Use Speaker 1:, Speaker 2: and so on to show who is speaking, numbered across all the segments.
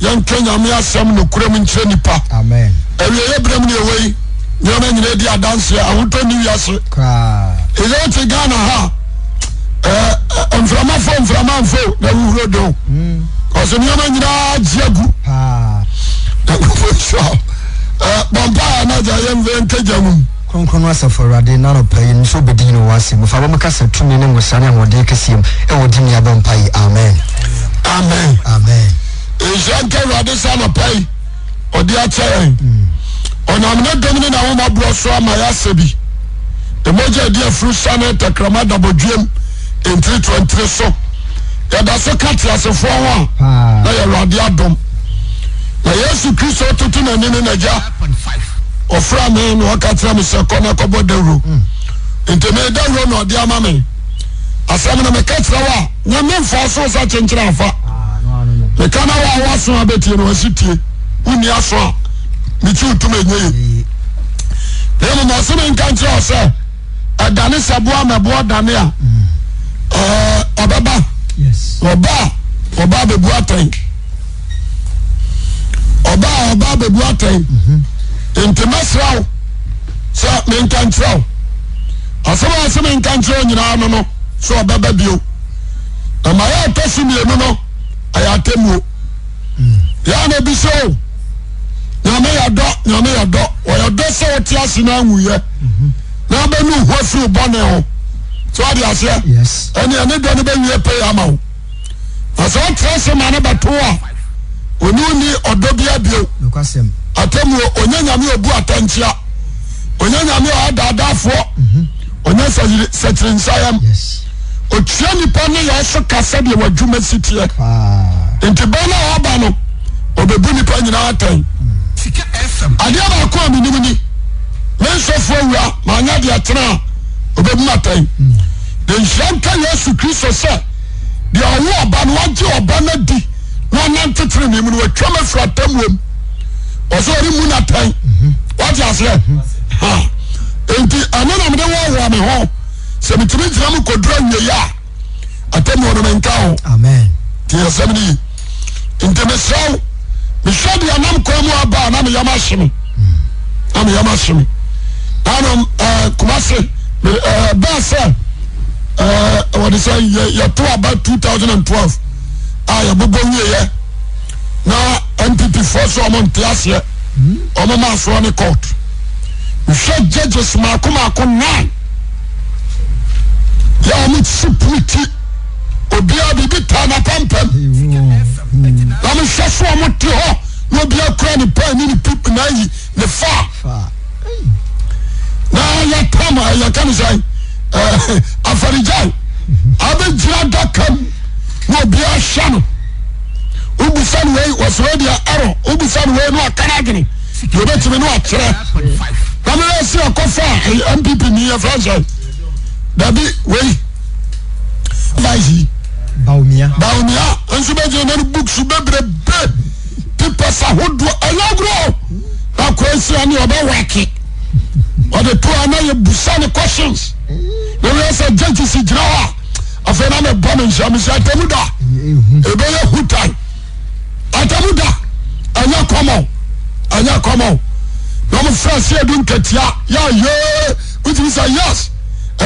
Speaker 1: ɛ mm. krokr no asɛfo wrde nɔpayisɛ bɛdinwɔsɛfa bɔmekasa tumi ne mesrane ahode kɛseɛm wɔdeneabɔmpayi amen nhyira nka awurade sɛ anɔpa yi ɔde akyɛ yɛn ɔnam ne dɔm ne n'awoma borɔ so ama yɛasɛ bi mmogya di afuru sane tɛkrama dabɔdwam ntiritontiri so yɛda so ka teasefoɔ ho a ah. na yɛ awurade adɔm na yesu kristo toto na ɔka kyerɛ me sɛ kɔ na kɔbɔ dawuro nti me dawuro na ɔde ama me asɛm na meka kyerɛ wo a nyame meka na wa awo aso abɛtie na wasi tie wonni aso a meti wotum ɛnyɛ ye na mmom ɔse me nka nkyerɛ ɔ sɛ ɛdane sɛ boa mɛboa dane a eh, ɔbɛba ɔba a ɔba bɛbu atɛn ɔba a ɔba bɛbu atɛn mm-hmm. nti mɛsrɛ wo sɛ menka nkyerɛ wo asɛm a ɔse me nka nkyerɛ wo nyinaa no no sɛ ɔbɛba bio na ma yɛ ɛtɔ so mmienu no ɛyɛ atemmuo yɛa na bi sɛ o nyame yɛdɔ nyame yɛdɔ ɔyɛdɔ sɛ wote ase no awuyɛ na bɛnu hɔ firi bɔne ho sɛ wode aseɛ ɛne ɛne dɔ no bɛwie pɛi ama wo na sɛ wotera ma ne bɛto a ɔne ni ɔdɔ bia bio atemmuo ɔnyɛ nyame ɔbu atankyia ɔnyɛ nyame ɔadadaafoɔ ɔnyɛ mhm. sɛkyiri nsayam otua nipa ne yɛ so kasa deɛ wadwuma si teɛ nti bɛn a waba no ɔbɛbu nipa nyinaa atɛn adeɛ baako a menim ni me nsɔfoɔ awura maanya deɛ tena a ɔbɛbu no atɛn de nhyira nka yesu kristo sɛ deɛ ɔwo ɔba no wagye ɔba no adi na ɔnante tene ne mu no watwa ma afiri atammuom ɔsɛ ɔre mu no atɛn wagye aseɛ nti ɛno na mede wɔwoa me ho metmi giadnt mesɛ meswɛ de anam komuaba na me eme meym seme o omaseba seɛytba 2002oɔ n mtp o asɛ momasoone cor msw jages mako mako ne yamei poti obi bidi tanapapam mehwɛ soɔ mote h nobikrane pannepnai ne fa nyatayansɛ afarega abɛgyira da kam naobi hya no obusa nei rdaa osan naene ɛtim ne wkyerɛmn aia ensee eeseho ayaane obɛok ten saesiiaraaetimies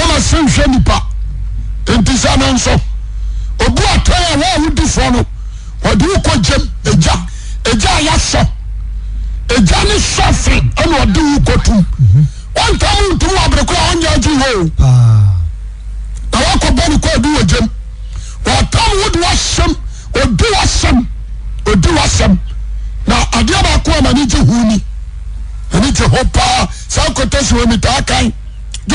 Speaker 1: ɔmasɛnhwɛ nnipa ntisa no nsɔ obuatwodi f no ɔde wokɔgyaaayasɔ ga ne sfɛnaɔde wokɔɛyehne ho paa saakotasiwmitaa ka o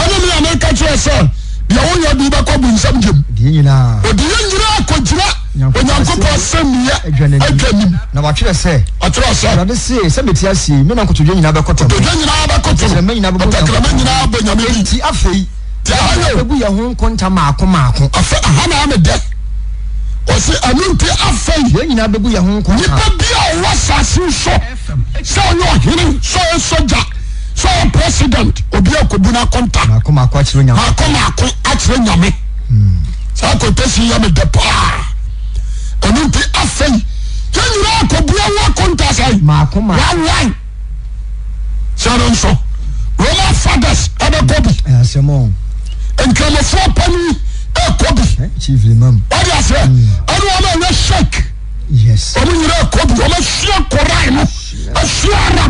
Speaker 1: ɛne mi a mi ka kyerɛ sɛ deɛ wonyɛ bi bɛkɔ bu nsɛm gyem odi yɛ nyinaa akɔgyina onyankopɔn sɛmmiɛ atwa nim na wakyerɛ sɛ ɔkyerɛ sɛ awurade se sɛ meti asie me na nkotodwa nyinaa bɛkɔtɔ nkotodwa nyinaa bɛkɔtɔ ɔtɛkrɛma nyinaa bɔ nyame ayi nti afei ti ayo ɛgu yɛ ho nkonta maako maako afɛ aha na ame dɛ ɔsi ɛnu nti afei yɛn nyinaa bɛgu yɛ ho nkonta nipa bi a ɔwɔ saasi so sɛ ɔyɛ ɔhene sɛ ɔyɛ sɔgya so president obi kobn cotakmk aiyam cese yamdepa ante afe ssoeas imefo pen akobi s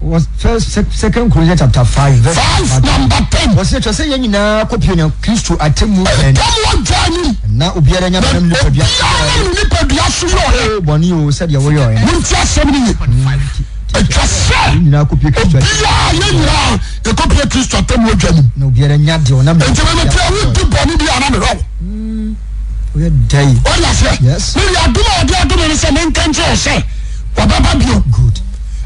Speaker 1: ɛ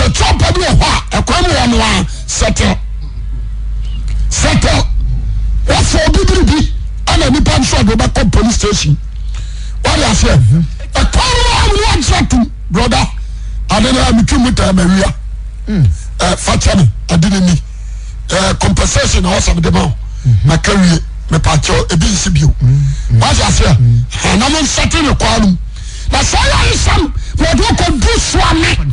Speaker 1: etph kmnsesetle ofo bibri bi ana nipasd oce sation nat eee me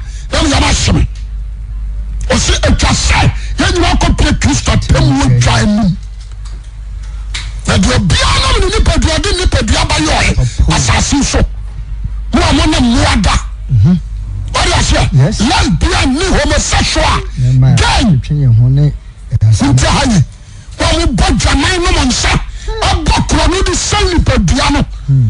Speaker 1: meyaba som ɔsɛ atwa sɛ yɛnyuma kɔprɛ kristo pemɛ dwa nom adeɔbia nom ne nipadua de n nipadua ba yɔe asasem so moa mo ne mmoa da adeasoɛ lasbia ne homosexua gan nti ahayi waa mobɔ dwanan nom nsa abɔ hmm. korɔ no de sɛn nipadua no hmm.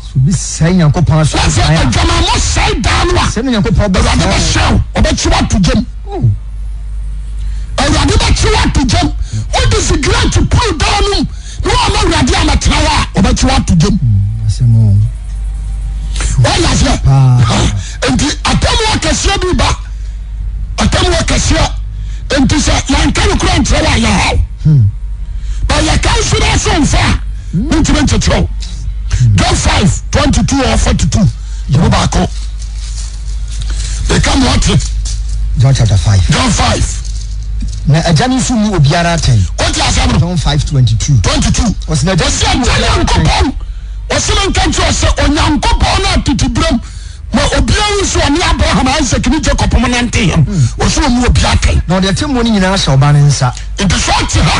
Speaker 1: Oh. Mm, seaɛ John five twenty two or forty two yìí baako bẹ̀ka mu ọ̀tí. John chapter five. John five. Na ẹja ni fún mi obiara tẹ̀yìn. O ti asẹ́mu. John five twenty two. twenty two. Ọ̀sìn ẹja ni fún mi obiara tẹ̀yìn. Ọ̀sìn ẹja ni ọ̀sẹ̀ ọ̀nyankopọ̀ náà tètè bírẹ̀ mu. Ma obiara nso ọ̀ni Abraham Isaac ni Jacob mu nante yẹn. Ọ̀sìn omi obiara tẹ̀yìn. Na ọ̀dẹ̀ tí mo ní nyinaa sọ ọba ní nsa. Ntùsọ̀ ti ha.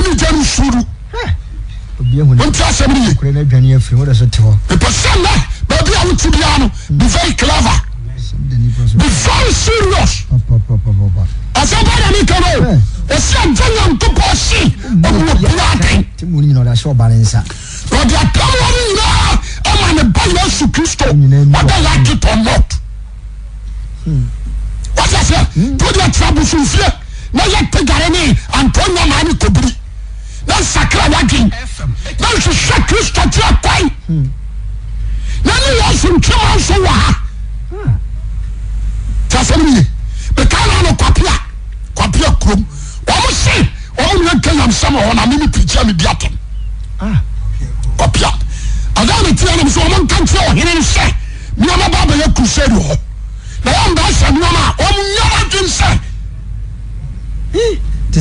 Speaker 1: neano sdose aotibee eeiaa yin mane bane reeo aoe yeeana nesakra wade naseswe kristo tia kwi na newosontimasowaha tasamne bekanano kwapia kwaia krom omose ɔmonakayamsamonmme kitia m diatm koa aganetis mo nkante oheren se mimababaya krusareho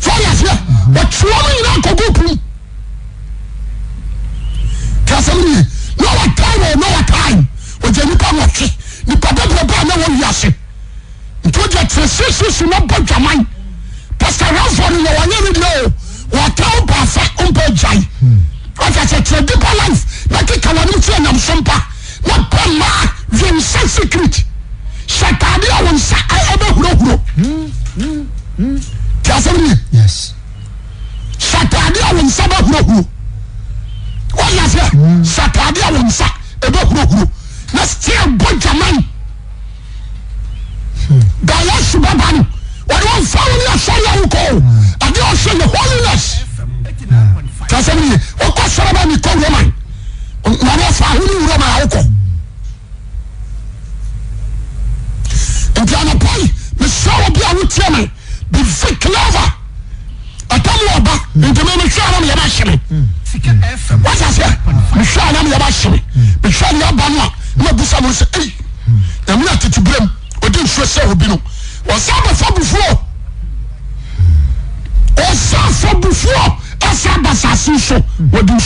Speaker 1: sọọni aseɛ ɔtwerɛ mi nyinaa nkɔgu pum kasɛm ni no wa time o no wa time nipa wɔtwe nipa bɛbɛ bɛɛ na wɔn yi ase nti ɔgye tiri sisi na bɔ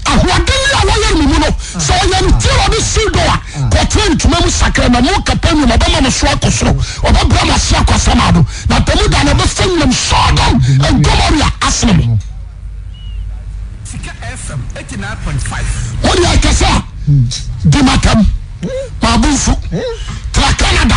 Speaker 1: dntm r5 diatm abfra canada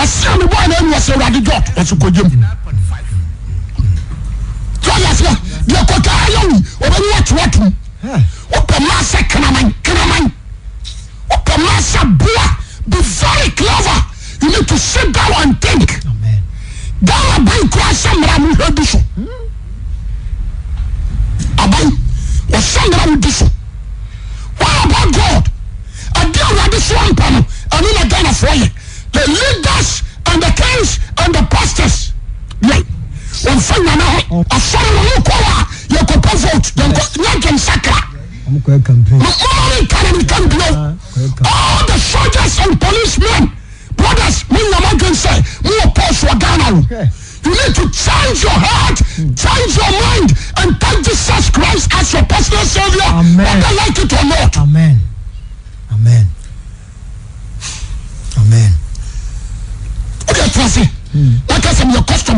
Speaker 1: ɛsɛ ne bɔɔ na ɛnu ɔsɛ awurade god ɔsɛ kɔ gyem tɔyɛ sɛ deɛ kɔkɛ ayɛ wi ɔbɛni wɔtuwɔtu wopɛ maa sɛ kraman kraman wopɛ maa sɛ boa be very clever you need to sit down and think down aban kura sɛ mmara mu hɛ bi so aban wɔsɛ mmara mu bi so wɔn about god adi awurade so ampa no ɛnu na ghana fo yɛ the leaders and the kings and the pastors yɛ wɔmfa nyame hɔ asɔre no no kɔ a yɛkɔpɛ vote yɛnkɔnyɛdwen sakra mɔmɔre nkane nkam bio all the soldiers and policemen brothers monyam adwen say, mowɔ oppose soɔ ghana wo You need to change your heart, hmm. change your mind, and take Jesus Christ as your personal savior, whether like it or not. Amen. Amen.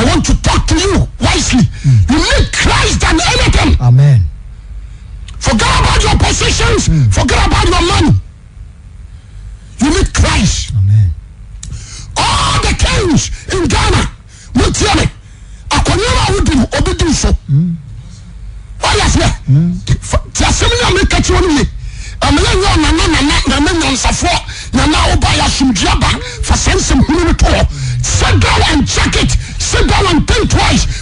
Speaker 1: I want to talk to you wisely. Mm. You need Christ than anything. Amen. Forget about your positions. Mm.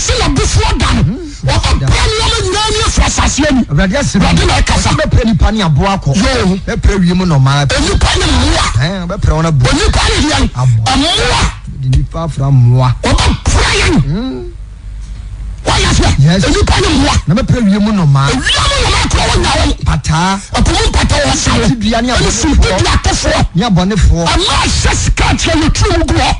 Speaker 1: e hmm. ee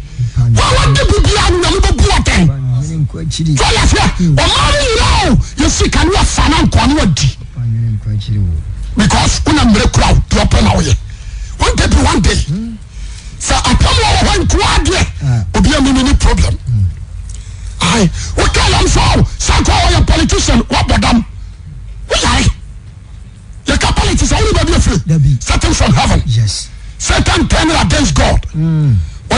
Speaker 1: Hmm. Ah. Hmm. s u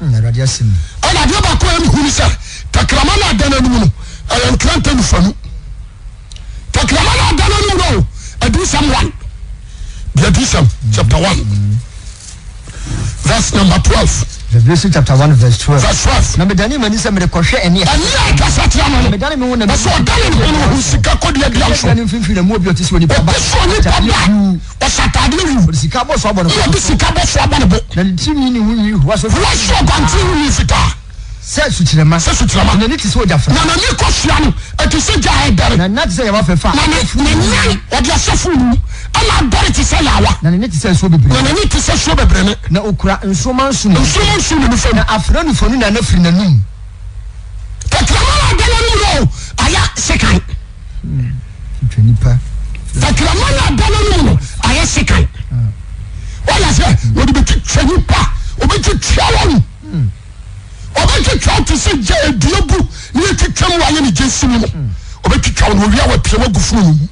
Speaker 1: ana bo bakoam hunisa takramana dananuno alankranta lufanu takramana dananuno adisame one biadisam chapter one verse number tve revelation chapter one verse twelve. verse twelve. na medane mani sɛ mede kɔhwɛ ɛneɛ. ɛneɛ akasa tia ma no. medane mi ho na. ɛsɛ ɔdane mi ho na sika kɔdeɛ bi aso. ɛdane mfinfin na mu obi ɔte sɛ onipa ba. ɔte sɛ onipa ba ɔsɛ ataadeɛ wu. ɔde sika bɔ so abɔ ne bo. ɔde sika bɔ so abɔ ne bo. na ne ti mi ni hu yi wa so. wa so ɔgante hu yi fitaa. sɛ sutirama. sɛ sutirama. na ne ti sɛ ɔja fɛ. na na ne kɔ sua no ɛti e sɛ gya ayɛ e dɛrɛ. na na ti sɛ yaba fɛ fa. na na na na ɔde asɛ funu. ma r tese w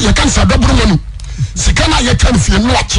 Speaker 1: yɛkan se dabrmanu sikanyɛan fe00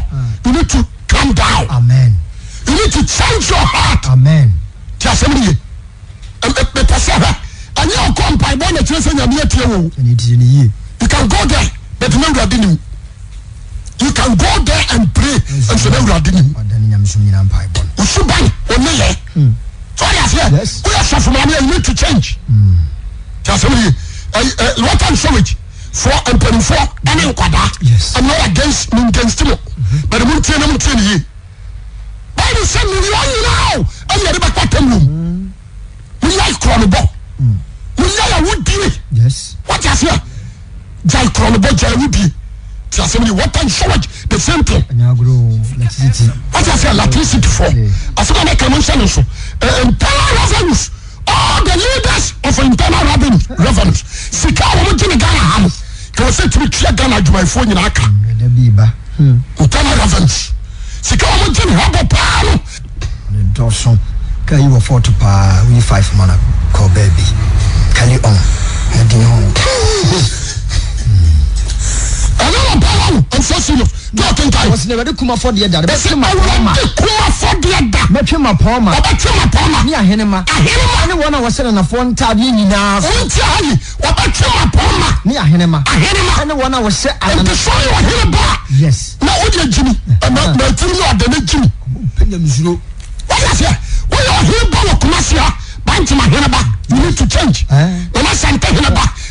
Speaker 1: ocomedown you need to change your heart re aybnnm you can go ere budnm you can go here and pray foɔ mpanimfoɔ uh, ɛne nkwadaa i'm not against me against mo but mo tiɛ na mo tiɛ niyie báyìí sɛ million nyinaa o ɛyɛ ɛde bɛ kpata mu mo yɛ ikorɔnibɔ mo yɛ awudie wɔte aseɛ gya ikorɔnibɔ gya awudie ti ase mi ni water and sewage the same thing wɔte aseɛ electricity fɔ asopɔ ne kàmú nsɛm nso ntara revenues. the ledes ofinenal eve sikamyne ganha setmitɛgan dwumafo yenakaneecikn a ɛne wɔbɛwa wo ɛmfa serious de ɔkenkae wɔsnɛwɛde kuma fɔdeɛ da ɛsɛ awurade kuma fɔdeɛ da mɛtwe ma pɔn ma ɔbɛtwe ma pɔn ma ne ahenema ahenema ne wɔn a wɔsɛ nanafoɔ ntaadeɛ nyinaa so wɔnti ayi wɔbɛtwe ma uh-huh. pɔn ma ne ahenema ahenema ne wɔn a wɔsɛ anana nti sɔɔ yɛ ɔhene ba yes na o de gyimi ɛna na etiri yɛ ɔdɛ ne gyimi pɛnyam zuro wɔyɛ fɛ wɔyɛ ɔhene ba wɔ kuma fia bantima aheneba you need to change wɔn asante aheneba.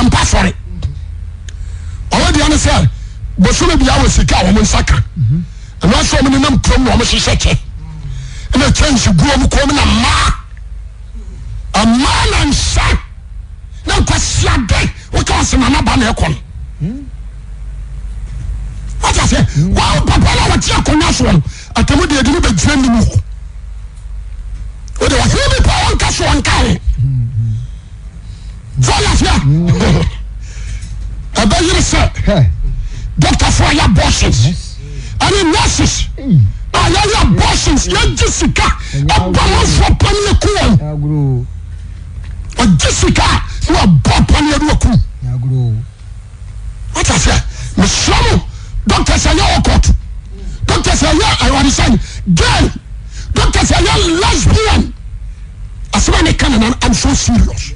Speaker 1: asore wadeanese bosono bia wa sikaomsaka msomnena kronme seseke nkensi m knama ma nasa nakosia deme beia nim i kesnka abaers mm. docter foala boses ani mm. nass aayabosens najisika abomo pannekan ajisika abo panyaduwaku ataia misomo dt saya oko d sy arisa d sya lasban asmanekananan amssr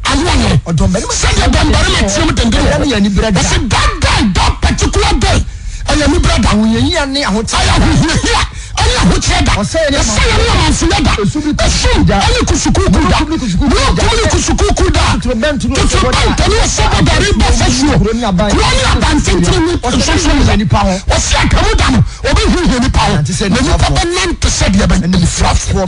Speaker 1: adeɛ yɛ sɛdeɛ dɔmbarima tiam denden wɔsɛ that day that particular day ɛyɛ me brɛ da ahoyɛyia ne ahokyerɛ ɛyɛ ahohiahia ɛne ahokyerɛ da ɛsɛ yɛ ne amanfoyɛ da ɛsom ɛne kusukuuku da wokum ne kusukuuku da totorobɛnta ne ɛsɛ bɔdare bɔ fasuo kuro ne abantentene nsonsom da ɔse akamu da no ɔbɛhihia nipa ho na nipa bɛnante sɛdeɛ bɛnimfrafoɔ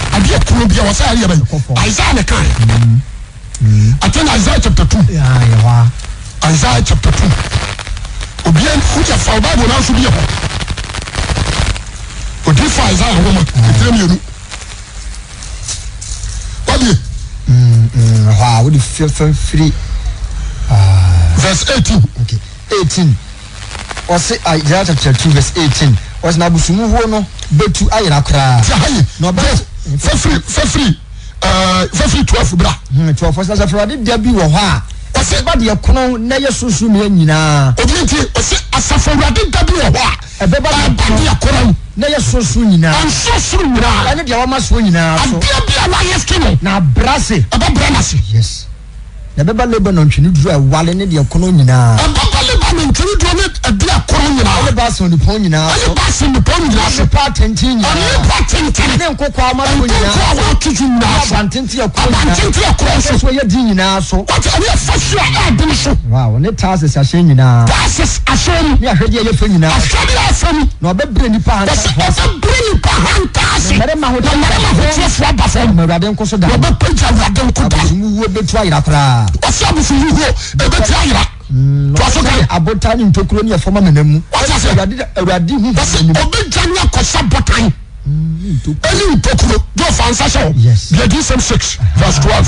Speaker 1: adeɛ kuro bia wɔ sɛ adeɛ Isaiah ne kan mm-hmm. atwɛn Isaiah chapter two Isaiah chapter two obiara wogya fa Bible naa nso bi yɛ hɔ odi fa Isaiah wɔ ma etire mm-hmm. mienu wadie. Mm-hmm. hɔ a firi ah. verse eighteen. okay eighteen ɔsi ah, Isaiah chapter two verse eighteen ɔsi na abusumu huo no betu ayira koraa. ti a hayi na fɛfiri fɛfiri ɛɛ eh, fɛfiri tuwafu bra. tuwafu sisan sɛfurade da bi wɔ hɔ a. ɔsɛ ɛbɛ deɛ kunu na yɛ sunsun miɛ nyinaa. obi n ti ɔsɛ asafurade da bi wɔ hɔ a. ɛbɛ deɛ kunu na yɛ sunsun nyinaa. ɛnso sun nyinaa. ɛni deɛ wɔma sun nyinaa so. adeɛ bi a wayɛ sini. na brase. ɛbɛ brɛ na se. yes na ɛbɛ ba lebanon twene duro ɛwale ne deɛ kunu nyinaa. ɛbɛ ba lebanon twene duro ne kwan nyinaa. ɔne baasi onipɔn nyinaa so. ɔne baasi onipɔn nyinaa so. ɔne pa tenten nyinaa. ɔne pa tenten. ne nkokɔ amadu nyinaa so. nkokɔ awa tutu nyinaa so. abantenten ɛkuro nyinaa. abantenten ɛkuro so. ɛsɛ di nyinaa so. wɔte ɔne ɛfɛ so a ɛɛdin so. waaw taasis ahyɛn nyinaa. taasis ahyɛn mu. ne ahwɛdeɛ yɛ fɛ nyinaa. ahwɛdeɛ yɛ fɛ mu. na ɔbɛbire tasok mm, abotae ntokuro ne yɛfoma manammuwradi obeya ya kɔsɛ bota ɛne ntkuro de ɔfansa sɛo s612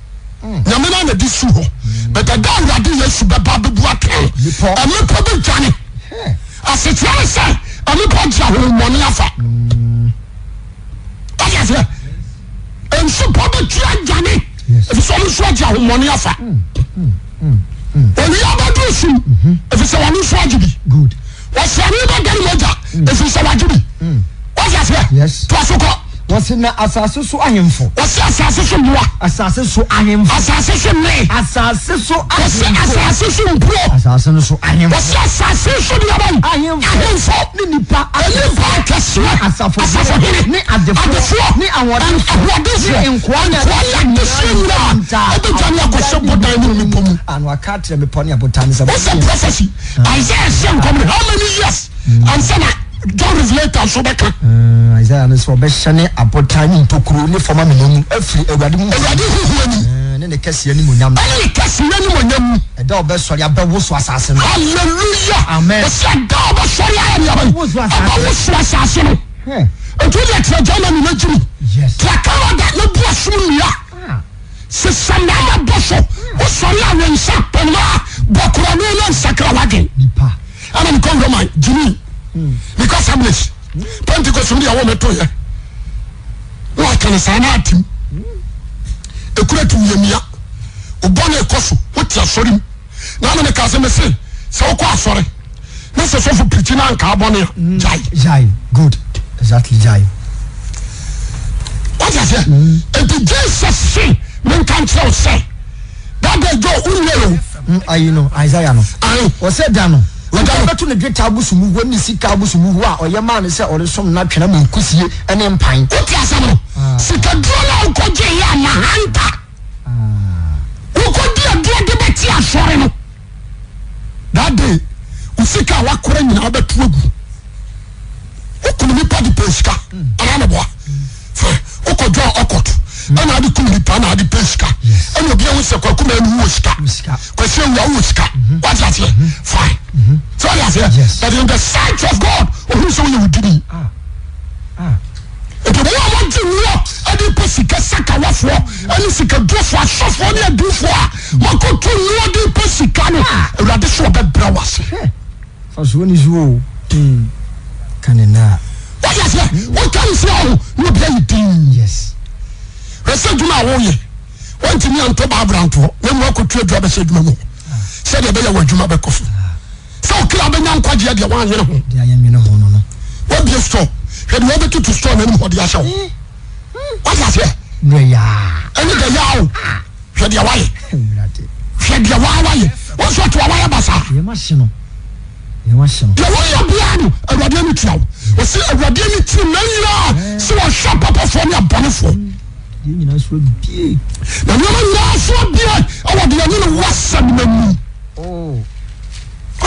Speaker 1: nyame na na di su hɔ but ɛda awurade yesu bɛba abubu atɛn ɛnipa bi dwane asetia sɛ ɛnipa gyina homɔne afa mm. ɔfiafiɛ nsupɔ bi tia dwane efisɛ ɔno nso agye ahomɔne afa mm, mm, owia bɛdu su mm-hmm. efisɛ ɔno nso agye bi wɔsɛ ɔno bɛdane mogya efisɛ wagye bi ɔfiafiɛ to asokɔ wɔsi na asase so ahemfo. wɔsi asase so mua. asase so ahemfo. asase so mee. asase so ahemfo. wɔsi asase so mpuo. asase so ahemfo. wɔsi asase so diaba. ahemfo. ahemfo. ne nipa. enipa akɛseɛ. asafo. asafo ne adefoɔ. adefoɔ. ne awɔdenfo. awɔdenfo. ne nkoa ne nkoa ne se nyinaa. ebi gya ne akɔsɛ bɔdan ne nipa mu. anu aka akyerɛ mi pɔ ne abotan sɛ. wɔsi prɔfɛsi. Ah. isaiah se nkɔmri how many years. Hmm. ansana. sesen o i meca sables pentkosondiwome toye atele sanatim ekuro te wye mia obone koso woti asorim menkasmesi sewoko asore nase sofo pritinanka bonea xact nt js s maneosei babe jo oeesased wọ́n bẹ́ẹ̀ tún ní dwetá abusumu wo ní sika abusumu wo a ọ̀yẹ́ maa ní sẹ́ ọ̀rẹ́ sọ́mu náà twẹ́nà mu nkusie ẹni mpan. o ti ase mu sika duro náà nkọ jẹ yẹ ẹ na hanta nkọ diẹ diẹ de bẹ ti asọrin no. dade o sika a wakora nyinaa bẹ tu egu o kunu nipa di pe sika ana ne bua fẹ o kọ jọ ọkọt ẹna adi kunu nipa ẹna adi pe sika ẹna obi ẹwọ sẹ kọ ẹkọ mẹ wọ sika kọ ẹsẹ ẹwọ wọ sika wájú àti ẹ. ue oh, e sɛ okira bɛnya nkwagyeɛ deɛ woanwene ho wabie store hwɛ deɛ wobɛtoto store nanim hɔ de ahyɛ wo wasaseɛ ɛne da yaa o hwɛ deɛ wayɛ hwɛ deɛ waa wayɛ wɔnso ɔte wawayɛ basaa deɛ wɔyɛ bia no awurade no tia wo hmm. ɔsi awurade no tiri ma nyinaa eh. sɛ wɔhwɛ papafoɔ ne abɔnefoɔ hmm. na nneɛma nyinaa soa bie ɛwɔ deɛ ne ne wasɛm no mu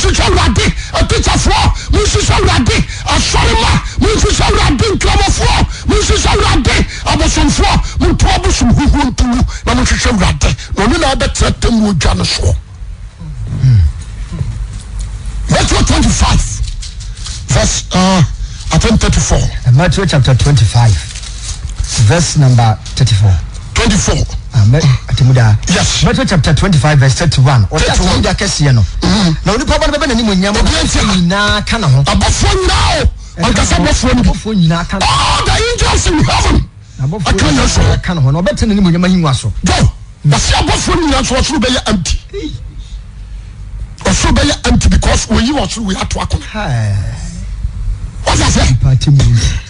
Speaker 1: ees ses de abosom foo metoo bosom hoho ntoru namosweswe wrde nnenbatse temane s snnbna bɛɛnanuykanhny e y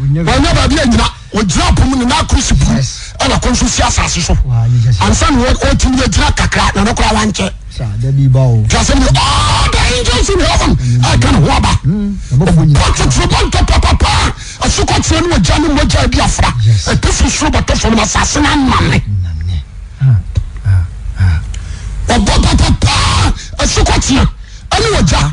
Speaker 1: wɔnyɛ baabi anyina wɔgyina apom ne na akurusi buru ɛna kɔ nso si asase so ansa ne wɔtumi agyina kakra na ne kora wankyɛ twasɛm ne ɔda angels in heaven ɛka ne ho aba hmm, ɔpɔtetoro bɔntɔ papapaa asokɔteɛ ne wɔgya ne mmɔgya bi afra ɛpɛfiri soro bɛtɔ fam asase no amame ɔbɔ papapaa asokɔteɛ ɛne wɔgya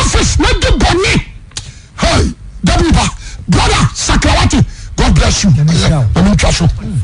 Speaker 1: office nad bon h dba brohe saكwاti god bless you ncas